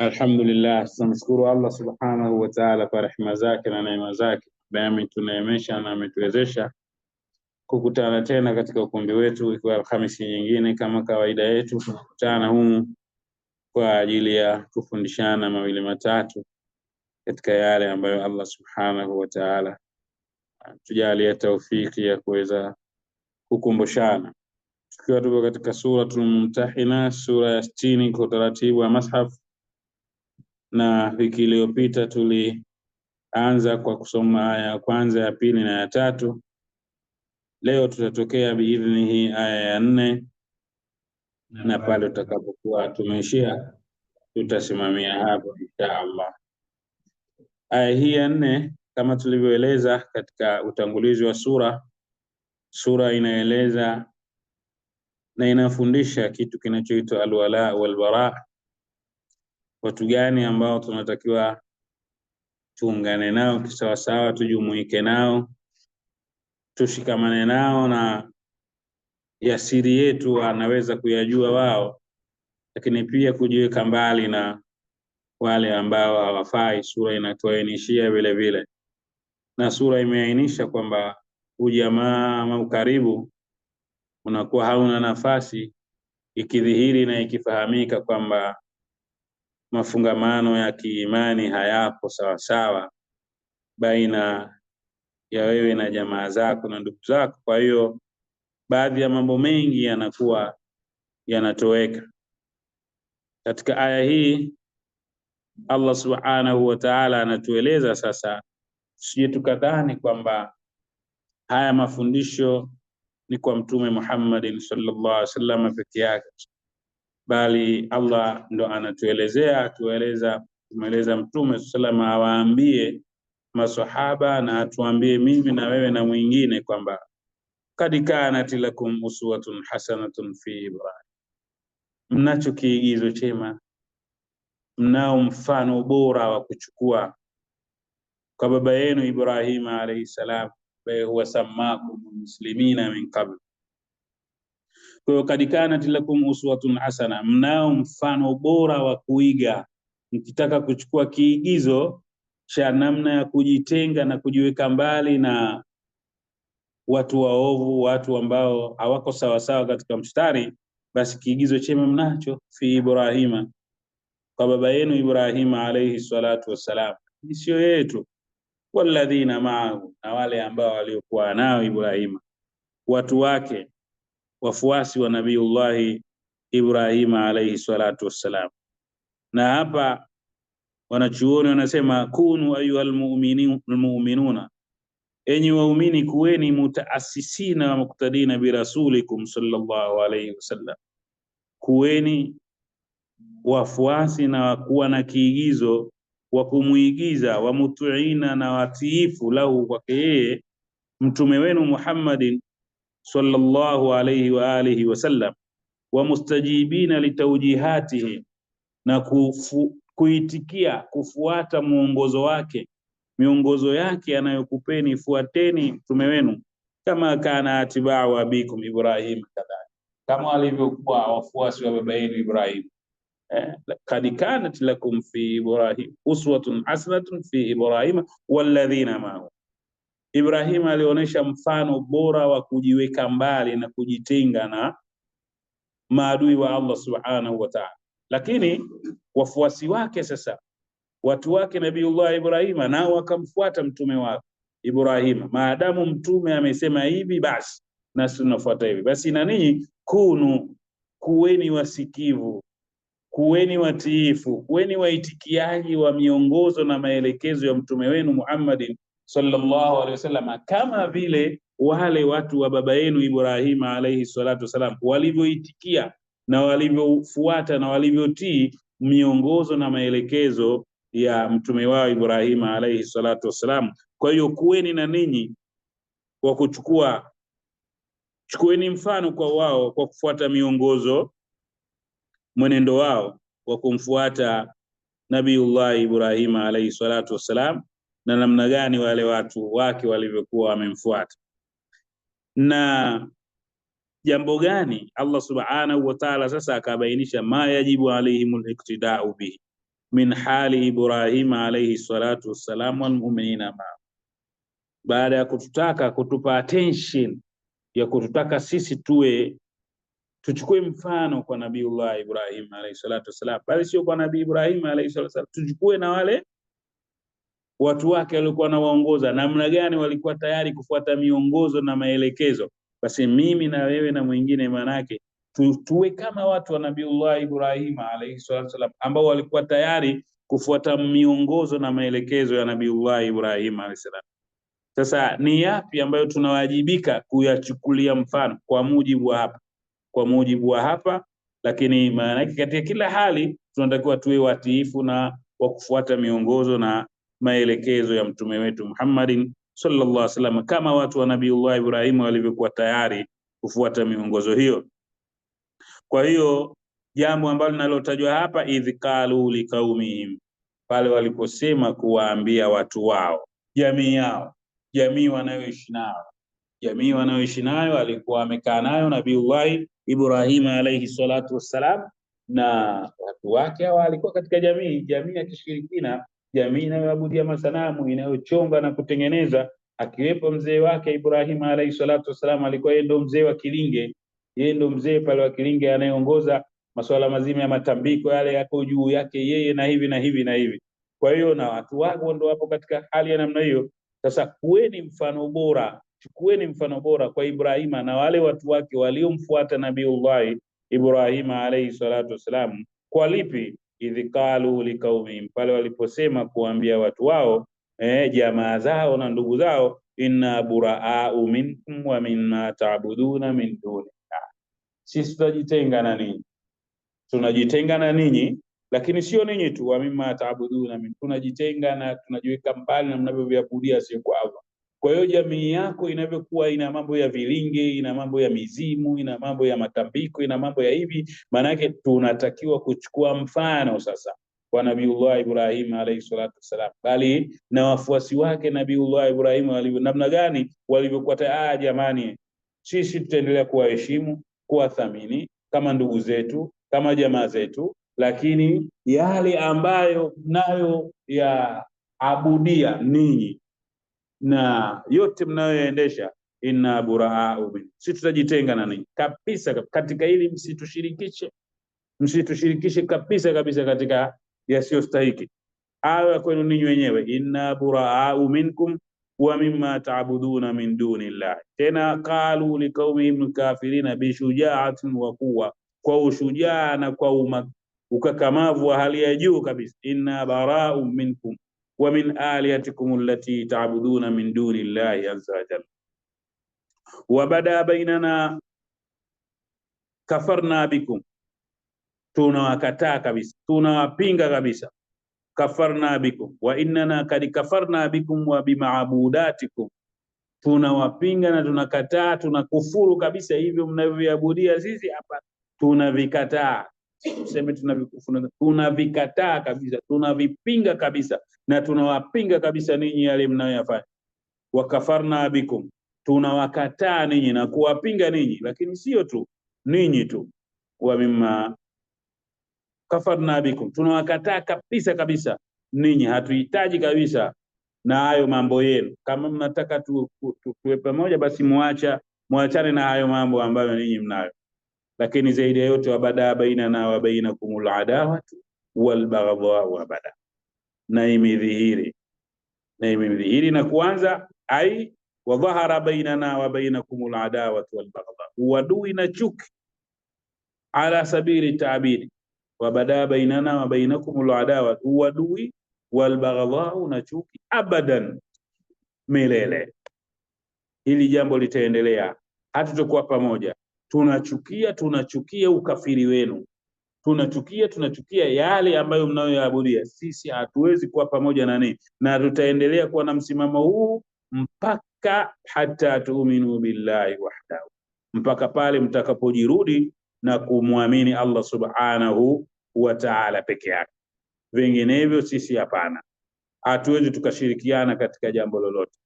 Alhamdulillah, tunamshukuru Allah subhanahu wa ta'ala kwa rehema zake na neema zake, ambaye ametuneemesha na ametuwezesha kukutana tena katika ukumbi wetu, ikiwa Alhamisi nyingine kama kawaida yetu. Tunakutana humu kwa ajili ya kufundishana mawili matatu katika yale ambayo Allah subhanahu wa ta'ala tujalie taufiki ya kuweza kukumbushana, tukiwa tupo katika Suratul Mumtahina, sura ya sitini kwa utaratibu wa mashaf na wiki iliyopita tulianza kwa kusoma aya ya kwanza, ya pili na ya tatu. Leo tutatokea hii aya ya nne na pale tutakapokuwa tumeishia tutasimamia hapo insha Allah. Aya hii ya nne kama tulivyoeleza katika utangulizi wa sura, sura inaeleza na inafundisha kitu kinachoitwa alwala walbara, watu gani ambao tunatakiwa tuungane nao kisawasawa, tujumuike nao, tushikamane nao, na yasiri yetu wanaweza kuyajua wao, lakini pia kujiweka mbali na wale ambao hawafai. Sura inatuainishia vile vile, na sura imeainisha kwamba ujamaa ama ukaribu unakuwa hauna nafasi, ikidhihiri na ikifahamika kwamba mafungamano ya kiimani hayapo sawasawa baina ya wewe na jamaa zako na ndugu zako. Kwa hiyo baadhi ya mambo mengi yanakuwa yanatoweka. Katika aya hii Allah subhanahu wa ta'ala anatueleza sasa, tusije tukadhani kwamba haya mafundisho ni kwa Mtume Muhammadin sallallahu alaihi wasallam peke yake, bali Allah ndo anatuelezea, atueleza tumeeleza Mtume salama awaambie masahaba na atuambie mimi na wewe na mwingine kwamba kad kanat lakum uswatun hasanatun fi Ibrahim, mnacho kiigizo chema, mnao mfano bora wa kuchukua kwa baba yenu Ibrahima alayhi salam, huwa sammakum muslimina min qabl kwa hiyo kad kanat lakum uswatun hasana, mnao mfano bora wa kuiga. Mkitaka kuchukua kiigizo cha namna ya kujitenga na kujiweka mbali na watu waovu, watu ambao hawako sawasawa katika mstari, basi kiigizo chema mnacho fi Ibrahima, kwa baba yenu Ibrahima alayhi salatu wassalam, sio yetu walladhina maahu, na wale ambao waliokuwa nao Ibrahima watu wake wafuasi wa Nabiullahi Ibrahima alayhi salatu wassalam. Na hapa wanachuoni wanasema kunu ayuha almu'minuna, enyi waumini kuweni mutaasisina wa muktadina birasulikum sallallahu alayhi wasallam, kuweni wafuasi na kuwa na kiigizo wa kumwigiza wa mutuina na watiifu lahu kwake yeye mtume wenu Muhammadin sallallahu alayhi wa alihi wasallam, wa mustajibina litawjihatihi, na kufu, kuitikia kufuata mwongozo wake miongozo yake anayokupeni fuateni mtume wenu, kama kana atibau abikum Ibrahim, kadhalika kama walivyokuwa wafuasi wa baba yenu Ibrahim. Eh, kad kanat lakum fi Ibrahim uswatun hasanatun fi Ibrahim walladhina maahu Ibrahim alionyesha mfano bora wa kujiweka mbali na kujitenga na maadui wa Allah subhanahu wa ta'ala, lakini wafuasi wake sasa, watu wake Nabiullah Ibrahima nao wakamfuata mtume wake Ibrahima, maadamu mtume amesema hivi, basi nasi tunafuata hivi. Basi na ninyi kunu, kuweni wasikivu, kuweni watiifu, kuweni waitikiaji wa miongozo na maelekezo ya mtume wenu Muhammadin sallallahu alaihi wasallam, kama vile wale watu wa baba yenu Ibrahima alaihi salatu wasalam walivyoitikia na walivyofuata na walivyotii miongozo na maelekezo ya mtume wao Ibrahima alaihi salatu wassalam. Kwa hiyo kuweni na ninyi kwa kuchukua, chukueni mfano kwa wao kwa kufuata miongozo, mwenendo wao wa kumfuata Nabiullahi Ibrahima alaihi salatu wassalam na namna gani wale watu wake walivyokuwa wamemfuata na jambo gani Allah subhanahu wa ta'ala sasa akabainisha ma yajibu alaihimul iktidau bihi min hali Ibrahim alayhi salatu wassalam walmuminina ma baada ya kututaka kutupa attention ya kututaka sisi tuwe tuchukue mfano kwa Nabiiullah Ibrahim alayhi salatu wassalam, bali sio kwa Nabii Ibrahim alayhi salatu wassalam, tuchukue na wale watu wake waliokuwa wanawaongoza namna gani walikuwa tayari kufuata miongozo na maelekezo. Basi mimi na wewe na mwingine, manake tu, tuwe kama watu wa Nabiullah Ibrahim alayhi salatu ambao walikuwa tayari kufuata miongozo na maelekezo ya Nabiullah Ibrahim alayhi Sasa ni yapi ambayo tunawajibika kuyachukulia mfano kwa mujibu wa hapa, kwa mujibu wa hapa, lakini maana katika kila hali tunatakiwa tuwe watiifu na wa kufuata miongozo na maelekezo ya mtume wetu Muhammadin sallallahu alaihi wasallam, kama watu wa Nabiullah Ibrahim walivyokuwa tayari kufuata miongozo hiyo. Kwa hiyo jambo ambalo linalotajwa hapa, idh qalu liqaumihim, pale waliposema kuwaambia watu wao, jamii yao, jamii wanayoishi nayo jamii wanayoishi nayo alikuwa amekaa nayo Nabiullahi Ibrahim alaihi salatu wassalam, na watu wake hawa alikuwa katika jamii jamii ya kishirikina jamii inayoabudia masanamu inayochonga na kutengeneza, akiwepo mzee wake Ibrahim alayhi salatu wassalam. Alikuwa yeye ndo mzee wa Kilinge, yeye ndo mzee pale wa Kilinge anayeongoza masuala mazima ya matambiko yale yako juu yake yeye na hivi na hivi na hivi. Kwa hiyo na watu wako ndo wapo katika hali ya namna hiyo. Sasa kuweni mfano bora, chukueni mfano bora kwa Ibrahima na wale watu wake waliomfuata Nabiullahi Ibrahima alayhi salatu wassalam. Kwa lipi? idhikalu qalu liqaumihim, pale waliposema kuambia watu wao eh, jamaa zao na ndugu zao, inna buraau minkum wa mimma tabuduna min dunillah, sisi tunajitenga na ninyi, tunajitenga na ninyi, lakini sio ninyi tu, wa mimma tabuduna min, tunajitenga na tunajiweka mbali na mnavyoviabudia sio kwa Allah kwa hiyo jamii yako inavyokuwa ina mambo ya vilinge, ina mambo ya mizimu, ina mambo ya matambiko, ina mambo ya hivi, maanake tunatakiwa kuchukua mfano sasa kwa Nabiullah Ibrahim alayhi salatu wassalam, bali na wafuasi wake Nabiullah Ibrahim walivyo namna gani, walivyokuwa tayari. Ah, jamani, sisi tutaendelea kuwaheshimu, kuwathamini kama ndugu zetu, kama jamaa zetu, lakini yale ambayo nayo ya abudia ninyi na yote mnayoendesha inna buraau min, si tutajitenga na ninyi kabisa katika hili, msitushirikishe, msitushirikishe kabisa kabisa katika yasiyostahiki ayo kwenu ninyi wenyewe. inna buraau minkum wa mimma taabuduna min duni llahi, tena qalu liqaumihim kafirina bishujaatin wa quwa, kwa ushujaa na kwa umak, ukakamavu wa hali ya juu kabisa. inna baraum minkum wa min alihatikum allati ta'buduna min duni llahi azza wa jalla wa bada bainana kafarna bikum, tunawakataa kabisa, tunawapinga kabisa. Kafarna bikum wa innana kad kafarna bikum wa bimaabudatikum, tunawapinga na tunakataa tunakufuru kabisa hivyo mnavyoabudia sisi hapa tunavikataa Tuseme tunavikataa kabisa, tunavipinga kabisa, na tunawapinga kabisa ninyi yale mnayoyafanya. Wakafarna bikum, tunawakataa ninyi na kuwapinga ninyi, lakini sio tu ninyi tu, wa mimma kafarna bikum, tunawakataa kabisa kabisa ninyi, hatuhitaji kabisa na hayo mambo yenu. Kama mnataka tuwe tu, tu, tu, pamoja, basi muacha muachane na hayo mambo ambayo ninyi mnayo lakini zaidi ya yote wabadaa bainana wa bainakumul adawatu wal baghdhau abada, na imedhihiri na imedhihiri na kuanza ai wadhahara bainana wa bainakumul adawatu wal baghdhau, uadui na chuki, ala sabili taabidi, wabadaa bainana wa bainakumul adawatu uadui wal na chuki abadan, milele. Hili jambo litaendelea, hatutakuwa pamoja tunachukia tunachukia ukafiri wenu, tunachukia tunachukia yale ambayo mnayoyaabudia. Sisi hatuwezi kuwa pamoja na ninyi, na tutaendelea kuwa na msimamo huu mpaka hata tuuminu billahi wahdahu, mpaka pale mtakapojirudi na kumwamini Allah subhanahu wa ta'ala peke yake. Vinginevyo sisi hapana, hatuwezi tukashirikiana katika jambo lolote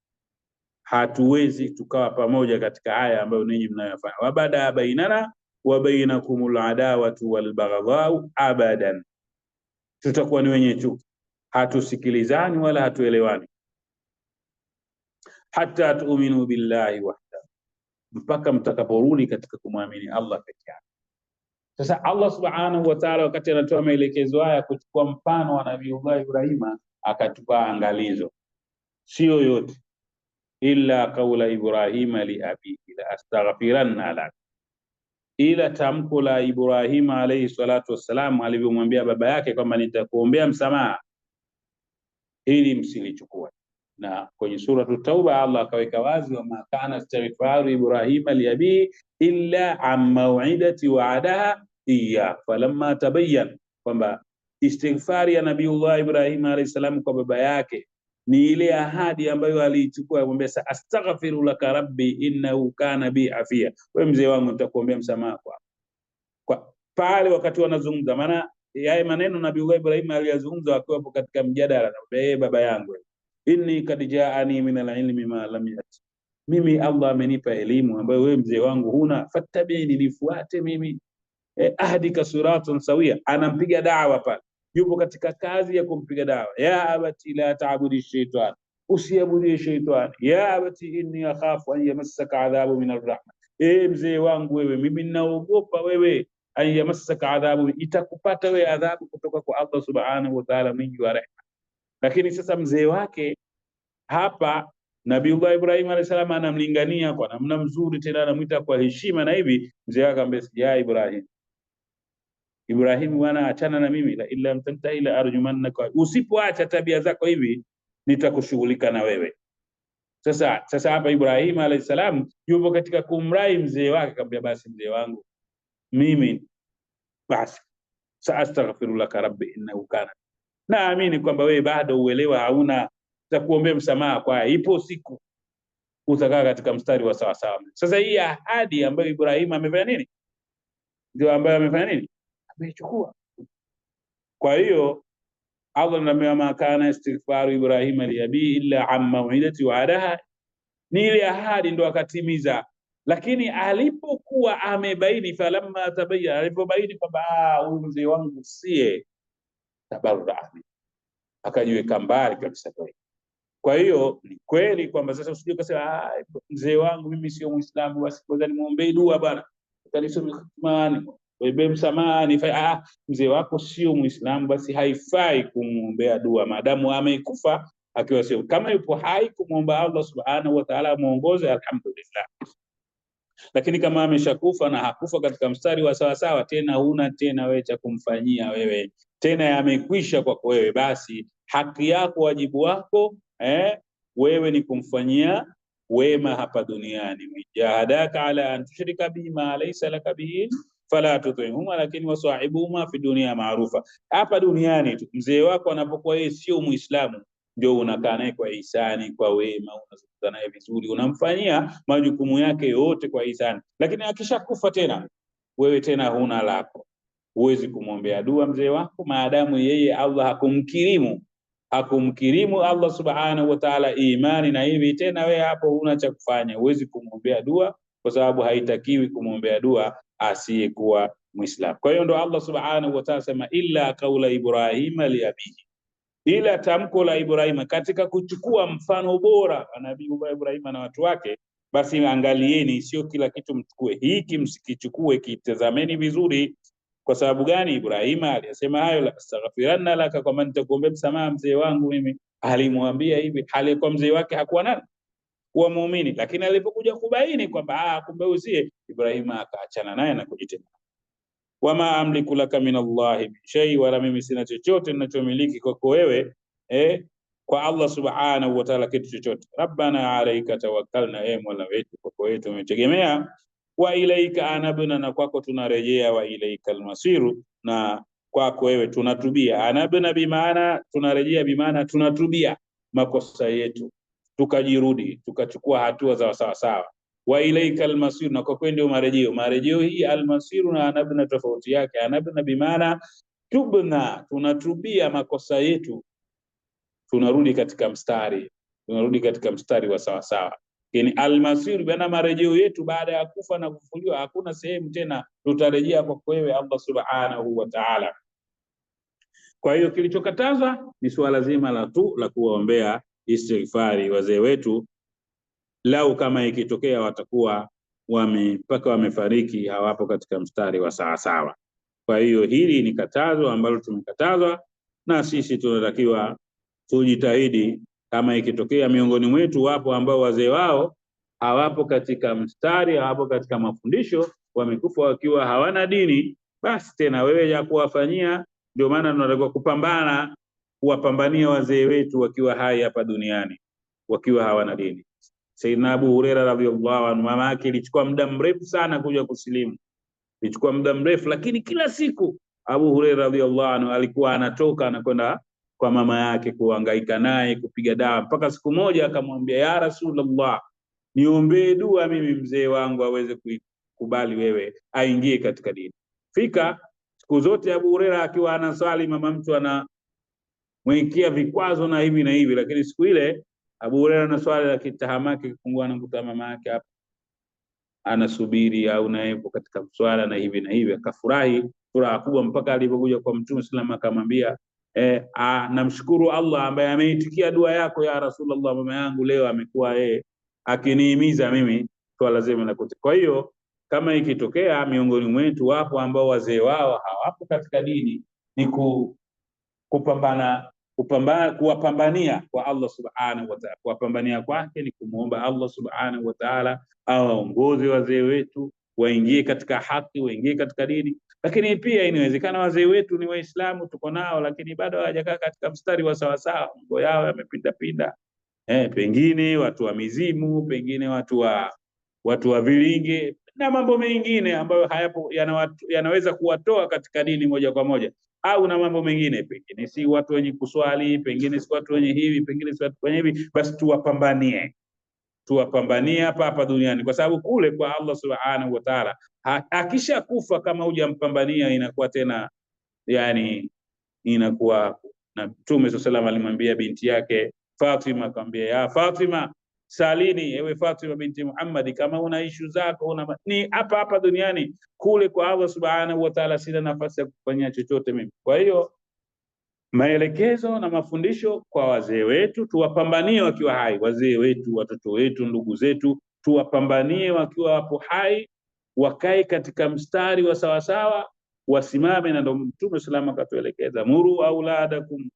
hatuwezi tukawa pamoja katika haya ambayo ninyi mnayofanya. Wabada bainana wa bainakumul adawatu wal baghdau abadan, tutakuwa ni wenye chuki, hatusikilizani wala hatuelewani. Hatta tuminu billahi wahda, mpaka mtakaporudi katika kumwamini Allah peke yake. Sasa Allah subhanahu wa ta'ala, wakati anatoa maelekezo haya, kuchukua mfano wa nabii Ibrahima, akatupa angalizo, sio yote illa qaula Ibrahima liabihi la astaghfiranna lak, ila tamko la Ibrahima alayhi salatu wassalam alivyomwambia baba yake kwamba nitakuombea msamaha, hili msilichukua. Na kwenye suratu Tauba Allah akaweka wazi, wama kana istighfaru Ibrahima liabihi illa an maw'idati wa'adaha iya falamma tabayyan, kwamba istighfari ya Nabiullah Ibrahima alayhi salam kwa baba yake ni ile ahadi ambayo aliichukua akamwambia, sa astaghfiru laka rabbi innahu kana bi afia, wewe mzee wangu nitakuombea msamaha kwa kwa pale wakati wanazungumza. Maana yale maneno Nabii Ibrahim aliyazungumza akiwapo katika mjadala, anamwambia ee, baba yangu inni kad jaani min alilmi ma lam yati, mimi Allah amenipa elimu ambayo wewe mzee wangu huna, fattabiini, nifuate mimi eh, ahdika siratan sawia. Anampiga dawa pale yupo katika kazi ya kumpiga dawa. ya abati la taabudi shaitan, usiabudie shaitani. ya abati inni akhafu an yamassaka adhabu min arrahman, e mzee wangu wewe, mimi ninaogopa wewe, an yamassaka adhabu, itakupata wewe adhabu kutoka kwa Allah subhanahu wa ta'ala, mwingi wa rehma. Lakini sasa mzee wake hapa Nabiullah Ibrahim alayhi salam anamlingania kwa namna mzuri, tena anamwita kwa heshima na hivi. Mzee wake ambaye sija Ibrahim Ibrahimu, bwana achana na mimi, la illa mtantahi la arjumannaka, usipoacha tabia zako hivi nitakushughulika na wewe. Sasa sasa hapa Ibrahim alayhi salam yupo katika kumrai mzee wake, akamwambia basi mzee wangu mimi basi saastaghfiru laka rabbi innahu kana, naamini kwamba wewe bado uelewa hauna za kuombea msamaha kwa ipo siku utakaa katika mstari wa sawasawa. Sasa hii ahadi ambayo Ibrahim amefanya nini, ndio ambayo amefanya nini ameichukua. Kwa hiyo Allah anamwambia ma kana istighfaru Ibrahim liabii illa an mau'idati wa'adaha, ni ile ahadi ndo akatimiza, lakini alipokuwa amebaini, falamma tabayyana, alipobaini kwamba ah, huyu mzee wangu sie, tabarra akajiweka mbali kabisa. Kwa hiyo ni kweli kwamba sasa usije ukasema mzee wangu mimi sio Muislamu, basi kwanza nimwombee dua bwana, utanisome Qur'ani bebe msamaha nifai. Ah, ah, mzee wako sio Muislamu, basi haifai kumwombea dua maadamu ameikufa akiwa sio. Kama yupo hai, kumwomba Allah subhanahu wa ta'ala alhamdulillah. Lakini kama ameshakufa na hakufa katika mstari wa sawasawa, tena huna tena wewe cha kumfanyia wewe, tena yamekwisha kwako wewe, basi haki yako, wajibu wako eh, wewe ni kumfanyia wema hapa duniani. wijahadaka ala an tushrika bima laysa laka bihi fala tutihuma, lakini wasahibuhuma fi dunia maarufa, hapa duniani tu. Mzee wako anapokuwa yeye sio Muislamu, ndio unakaa naye kwa ihsani, kwa wema, unazungumza naye vizuri, unamfanyia majukumu yake yote kwa ihsani, lakini akishakufa tena, wewe tena huna lako, huwezi kumwombea dua mzee wako maadamu yeye Allah hakumkirimu hakumkirimu Allah subhanahu wa ta'ala imani na hivi tena, wewe hapo huna cha kufanya, huwezi kumwombea dua kwa sababu haitakiwi kumwombea dua asiyekuwa Muislamu. Kwa hiyo ndo Allah subhanahu wa ta'ala sema illa kaula Ibrahima liabihi, ila tamko la Ibrahima katika kuchukua mfano bora wa nabii Ibrahima na watu wake. Basi angalieni, sio kila kitu mchukue, hiki msikichukue, kitazameni vizuri. Kwa sababu gani? Ibrahima aliyasema hayo, la astaghfiranna laka, kwamba nitakuombea msamaha mzee wangu mimi. Alimwambia hivi, kwa mzee wake hakuwa nani? kuwa muumini, lakini alipokuja kubaini kwamba ah, kumbe uzie, Ibrahim akaachana naye na kujitenga. Wama amliku laka min Allahi min shay, wala mimi sina chochote ninachomiliki kwako wewe eh, kwa Allah subhanahu wa ta'ala kitu chochote. Rabbana alayka tawakkalna, e Mola wetu kwako wewe tumetegemea. Wa ilaika anabna, na kwako tunarejea. Wa ilaika almasiru, na kwako wewe tunatubia. Anabna bimaana tunarejea, bimaana tunatubia makosa yetu tukajirudi tukachukua hatua za sawasawa wa ilaika almasir, na kwa kweli ndio marejeo. Marejeo hii almasiru na anabna tofauti yake, anabna bimaana tubna, tunatubia makosa yetu, tunarudi katika mstari, tunarudi katika mstari wa sawasawa. Yani almasir bana, marejeo yetu baada ya kufa na kufufuliwa, hakuna sehemu tena tutarejea kwa kwewe Allah subhanahu wa ta'ala. Kwa hiyo kilichokatazwa ni suala zima la tu la kuwaombea istighfari wazee wetu, lau kama ikitokea watakuwa wame mpaka wamefariki hawapo katika mstari wa sawasawa. Kwa hiyo hili ni katazo ambalo tumekatazwa na sisi, tunatakiwa tujitahidi. Kama ikitokea miongoni mwetu wapo ambao wazee wao hawapo katika mstari, hawapo katika mafundisho, wamekufa wakiwa hawana dini, basi tena wewe ya kuwafanyia. Ndio maana tunatakiwa kupambana kuwapambania wazee wetu wakiwa hai hapa duniani wakiwa hawana dini. Saidina Abu Huraira radhiallahu anhu, mama yake ilichukua muda mrefu sana kuja kusilimu, ilichukua muda mrefu, lakini kila siku Abu Huraira radhiallahu anhu alikuwa anatoka anakwenda kwa mama yake kuhangaika naye kupiga dawa, mpaka siku moja akamwambia, ya Rasulullah, niombee dua mimi mzee wangu aweze kukubali wewe, aingie katika dini. Fika siku zote Abu Huraira akiwa anaswali, mama mtu ana wenkia vikwazo na hivi na hivi, lakini siku ile Abu Hurairah na swali la kitahamaki kifungua na mkuta mama yake hapo anasubiri au naye yupo katika swala na hivi na hivi, akafurahi furaha kubwa mpaka alipokuja kwa Mtume sallam akamwambia, eh, a namshukuru Allah ambaye ameitikia dua yako ya Rasulullah, mama yangu leo amekuwa yeye eh, akinihimiza mimi kwa lazima na kuti. Kwa hiyo kama ikitokea miongoni mwetu wapo ambao wazee wao hawapo katika dini, ni ku, kupambana kupambana kuwapambania kwa Allah subhanahu wa ta'ala. Kuwapambania kwake ni kumwomba Allah subhanahu wa ta'ala awaongoze wazee wetu waingie katika haki, waingie katika dini. Lakini pia inawezekana wazee wetu ni Waislamu, tuko nao, lakini bado hawajakaa katika mstari wa sawasawa, mambo yao yamepindapinda. Eh, pengine watu wa mizimu, pengine watu wa watu wa vilinge na mambo mengine ambayo hayapo yanaweza kuwatoa katika dini moja kwa moja au na mambo mengine, pengine si watu wenye kuswali, pengine si watu wenye hivi, pengine si watu wenye hivi, basi tuwapambanie, tuwapambanie hapa hapa duniani, kwa sababu kule kwa Allah subhanahu wa ta'ala, akishakufa kama hujampambania inakuwa tena, yani inakuwa na Mtume sallallahu alimwambia binti yake Fatima, akamwambia ya Fatima salini ewe Fatima binti Muhammadi, kama una ishu zako una ni hapa hapa duniani. Kule kwa Allah subhanahu wa ta'ala sina nafasi ya kufanyia chochote mimi. Kwa hiyo maelekezo na mafundisho kwa wazee wetu, tuwapambanie wakiwa hai. Wazee wetu, watoto wetu, ndugu zetu, tuwapambanie wakiwa wapo hai, wakae katika mstari wa sawasawa, wasimame. Na ndo Mtume salama akatuelekeza muru auladakum,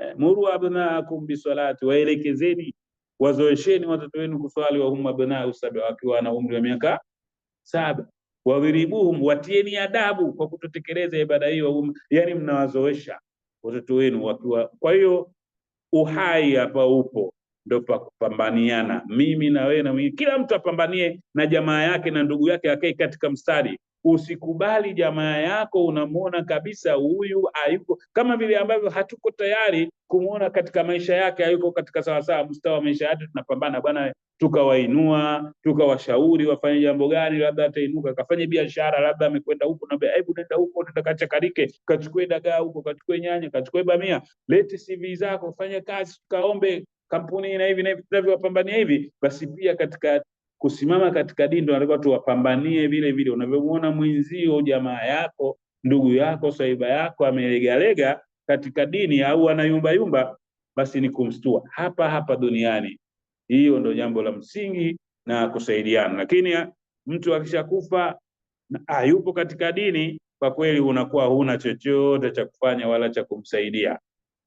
eh, muru abnaakum bisalati, waelekezeni wazoesheni watoto wenu kuswali, wahum abnau saba, wakiwa na umri wa miaka saba. Wadhiribuhum, watieni adabu kwa kutotekeleza ibada hiyo. Yani mnawazoesha watoto wenu wakiwa. Kwa hiyo uhai hapa upo, ndo pa kupambaniana, mimi na wewe na mwingine. Kila mtu apambanie na jamaa yake na ndugu yake, akae katika mstari Usikubali jamaa yako unamwona kabisa huyu hayuko, kama vile ambavyo hatuko tayari kumwona katika maisha yake, hayuko katika sawasawa mstari wa maisha yake. Tunapambana bwana, tukawainua tukawashauri wafanye jambo gani, labda atainuka akafanye biashara, labda amekwenda huko, naambia hebu nenda huko, nenda kachakarike, kachukue dagaa huko, kachukue nyanya, kachukue bamia, lete CV zako, fanye kazi, tukaombe kampuni na hivi na hivi tunavyowapambania hivi, basi pia katika kusimama katika dini, ndio tuwapambanie vile vile. Unavyomuona mwenzio, jamaa yako, ndugu yako, saiba yako amelegalega katika dini au anayumbayumba, basi ni kumstua hapa hapa duniani. Hiyo ndo jambo la msingi na kusaidiana. Lakini mtu akishakufa hayupo katika dini, kwa kweli unakuwa huna chochote cha kufanya wala cha kumsaidia.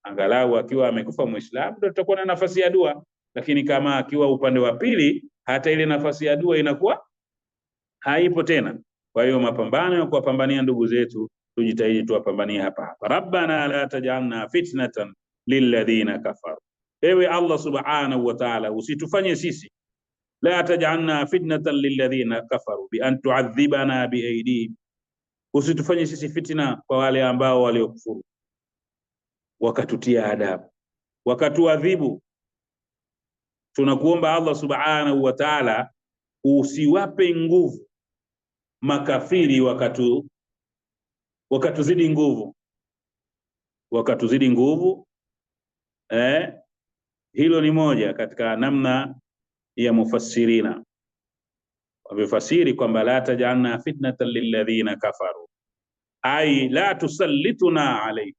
Angalau akiwa amekufa Muislamu ndo tutakuwa na nafasi ya dua, lakini kama akiwa upande wa pili hata ile nafasi ya dua inakuwa haipo tena. Kwa hiyo mapambano ya kuwapambania ndugu zetu tujitahidi tuwapambanie hapa hapa. Rabbana la tajalna fitnatan lilladhina kafaru, ewe Allah subhanahu wa ta'ala, usitufanye sisi la tajalna fitnatan lilladhina kafaru bi an tu'adhibana bi aidihim, usitufanye sisi fitina kwa wale ambao waliokufuru wakatutia adabu wakatuadhibu tunakuomba Allah subhanahu wa ta'ala usiwape nguvu makafiri wakatu wakatuzidi nguvu wakatuzidi nguvu eh, hilo ni moja katika namna ya mufassirina wamefasiri kwamba la tajanna fitnatan lilladhina kafaru ai la tusallituna alayhi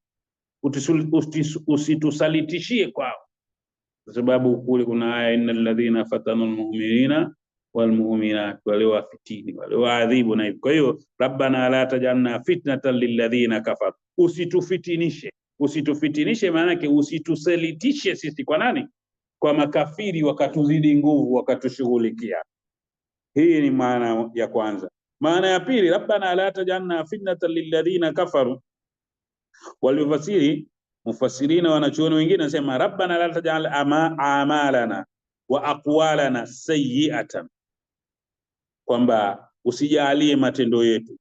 usitusalitishie kwao kwa sababu kule kuna aya inna alladhina fatanu almu'minina walmu'minat, waliowafitini waliowaadhibu na hivyo. Kwa hiyo rabbana la tajalna fitnatan lilladhina kafaru, usitufitinishe usitufitinishe, maanake usituselitishe sisi kwa nani? Kwa makafiri, wakatuzidi nguvu, wakatushughulikia. Hii ni maana ya kwanza. Maana ya pili, rabbana la tajalna fitnatan lilladhina kafaru, waliofasiri Mufasirina wanachuoni wengine wanasema rabbana la tajal amalana wa aqwalana sayyi'atan, kwamba usijalie matendo yetu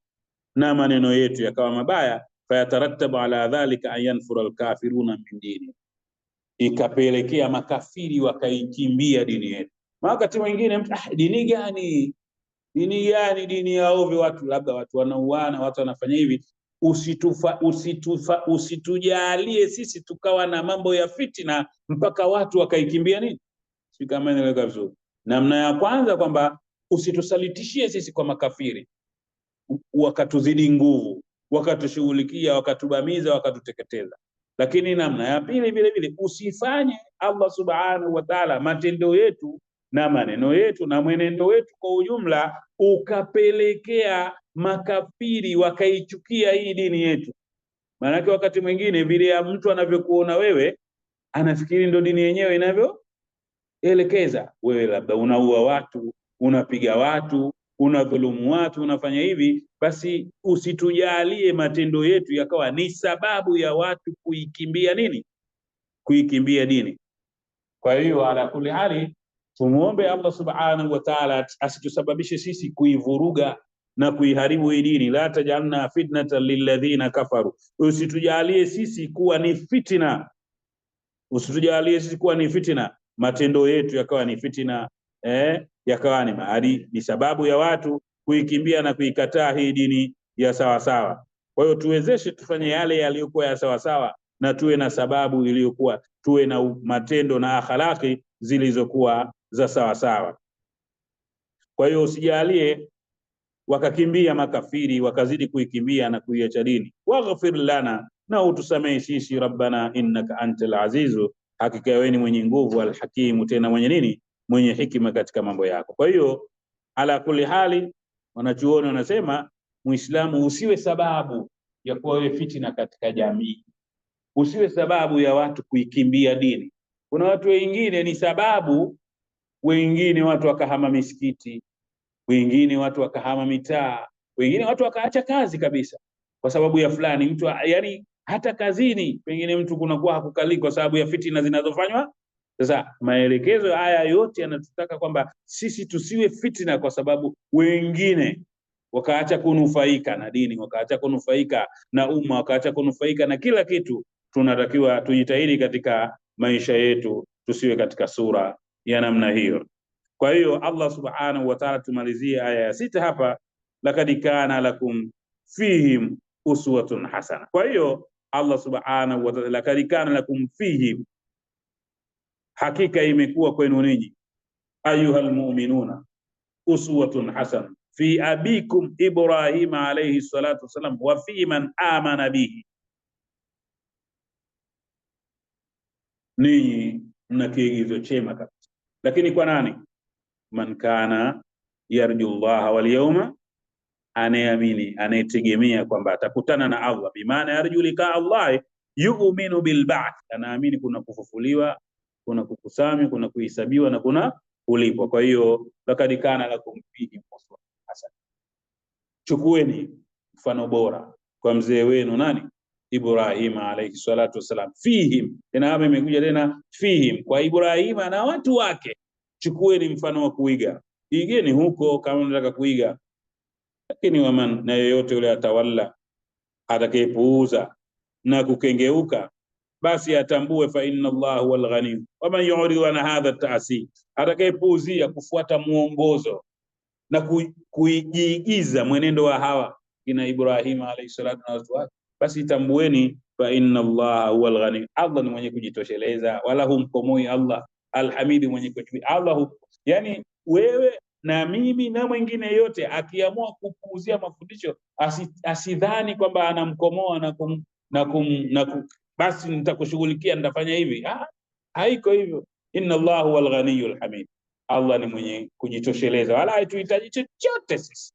na maneno yetu yakawa mabaya, fayatarattabu ala dhalika an yanfura alkafiruna min dini, ikapelekea makafiri wakaikimbia dini yetu. Wakati mwingine mtu ah, dini gani dini gani? Dini ya ovyo, watu labda watu wanauana, watu wanafanya hivi, usitufa, usitufa, usitujalie sisi tukawa na mambo ya fitina mpaka watu wakaikimbia nini. si kama inaeleweka vizuri. Namna ya kwanza kwamba usitusalitishie sisi kwa makafiri, wakatuzidi nguvu, wakatushughulikia, wakatubamiza, wakatuteketeza. Lakini namna ya pili vile vile usifanye Allah subhanahu wa ta'ala matendo yetu na maneno yetu na mwenendo wetu kwa ujumla ukapelekea makafiri wakaichukia hii dini yetu. Maanake wakati mwingine vile ya mtu anavyokuona wewe anafikiri ndo dini yenyewe inavyoelekeza. Wewe labda unaua watu, unapiga watu, unadhulumu watu, unafanya hivi, basi usitujalie matendo yetu yakawa ni sababu ya watu kuikimbia nini, kuikimbia dini. Kwa hiyo ala kulli hali tumuombe Allah subhanahu wa ta'ala asitusababishe sisi kuivuruga na kuiharibu hii dini, la tajalna fitnata lilladhina kafaru, usitujalie sisi kuwa ni fitina, usitujalie sisi kuwa ni fitina, matendo yetu yakawa ni fitina eh, yakawa ni mahali ni sababu ya watu kuikimbia na kuikataa hii dini ya sawasawa. Kwa hiyo tuwezeshe tufanye yale yaliyokuwa ya sawasawa na tuwe na sababu iliyokuwa, tuwe na matendo na akhlaki zilizokuwa za sawasawa. Kwa hiyo usijalie wakakimbia makafiri wakazidi kuikimbia na kuiacha dini. Waghfir lana, na utusamehe sisi. Rabbana innaka antal lazizu hakika wewe ni mwenye nguvu, alhakimu, tena mwenye nini, mwenye hikima katika mambo yako. Kwa hiyo ala kuli hali, wanachuoni wanasema Muislamu usiwe sababu ya kuwa wewe fitina katika jamii, usiwe sababu ya watu kuikimbia dini. Kuna watu wengine ni sababu, wengine watu wakahama misikiti wengine watu wakahama mitaa, wengine watu wakaacha kazi kabisa kwa sababu ya fulani mtu, yani hata kazini pengine mtu kunakuwa hakukali kwa sababu ya fitina zinazofanywa. Sasa maelekezo haya yote yanatutaka kwamba sisi tusiwe fitina, kwa sababu wengine wakaacha kunufaika na dini, wakaacha kunufaika na umma, wakaacha kunufaika na kila kitu. Tunatakiwa tujitahidi katika maisha yetu, tusiwe katika sura ya namna hiyo. Kwa hiyo Allah subhanahu wa ta'ala, tumalizie aya ya sita hapa, lakad kana lakum fihim uswatun hasana. Kwa hiyo Allah subhanahu wa ta'ala, lakad kana lakum fihim, hakika imekuwa kwenu ninyi, ayuhal mu'minuna uswatun hasana fi abikum Ibrahima alayhi salatu wasalam wa fi man amana bihi, ninyi mna kiigizo chema kabisa. Lakini kwa nani? man kana yarju llaha wal yawma, anayeamini anayetegemea kwamba atakutana na Allah, bimaana yarju likaa Allah, yu'minu bil anaamini kuna kufufuliwa, kuna kukusanywa, kuna kuhesabiwa na kuna kulipwa. Kwa hiyo lakad kana lakum fihi uswatun hasana, chukueni mfano bora kwa mzee wenu nani Ibrahima alayhi salatu wasalam. Fihim tena hapa imekuja tena fihim, kwa Ibrahima na watu wake chukueni mfano wa kuiga, igeni huko kama unataka kuiga. Lakini waman, na yeyote yule atawalla, atakayepuuza na kukengeuka, basi atambue, fa inna Allah huwal ghani waman yuridu an hadha taasi, atakayepuuzia kufuata muongozo na kuigiza mwenendo wa hawa kina Ibrahim alayhi salatu na watu wake, basi tambueni, fa inna Allah wal ghani, Allah ni mwenye kujitosheleza, wala humkomoi Allah Alhamidi mwenye kuhimidi. Allah Yani wewe na mimi na mwingine yote akiamua kupuuzia mafundisho asidhani kwamba anamkomoa na kum, na kum, na kum, basi nitakushughulikia nitafanya hivi. Ah, haiko hivyo. Inna Allah huwa ghaniyyul hamid. Allah ni mwenye kujitosheleza, wala hatuhitaji chochote sisi.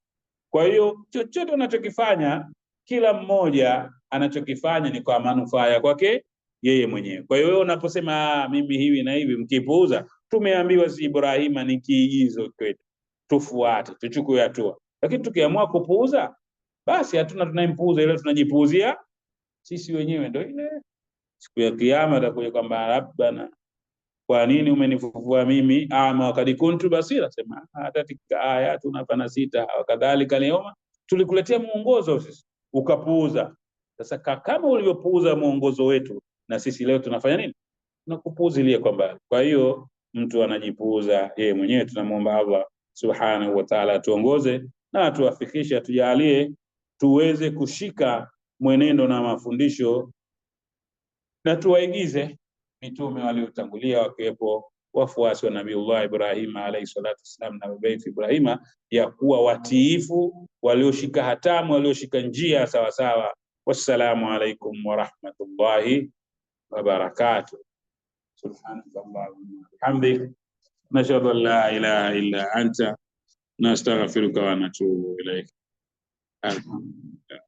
Kwa hiyo chochote unachokifanya, kila mmoja anachokifanya ni kwa manufaa ya kwake yeye mwenyewe. Kwa hiyo wewe unaposema ah, mimi hivi na hivi, mkipuuza, tumeambiwa si Ibrahima ni kiigizo kwetu, tufuate, tuchukue hatua, lakini tukiamua kupuuza, basi hatuna tunayempuuza, ile tunajipuuzia sisi wenyewe. Ndio ile siku ya Kiyama atakuja kwamba rabbana, kwa nini umenifufua mimi ama wakati kuntu basira? Sema hatatika ah, aya tunapana sita wakadhalika leoma, tulikuletea muongozo sisi ukapuuza. Sasa kama ulivyopuuza muongozo wetu na sisi leo tunafanya nini? Tunakupuuzilia kwamba. Kwa hiyo mtu anajipuuza yeye mwenyewe. Tunamwomba Allah subhanahu wa ta'ala atuongoze na atuafikishe, atujalie tuweze kushika mwenendo na mafundisho na tuwaigize mitume waliotangulia wakiwepo wafuasi wa Nabiullah Ibrahima alayhi salatu wassalam na baiti Ibrahima, ya kuwa watiifu walioshika hatamu walioshika njia sawasawa. Wassalamu alaikum warahmatullahi وبركاته سبحانك اللهم وبحمدك نشهد ان لا اله الا انت نستغفرك ونتوب اليك الحمد لله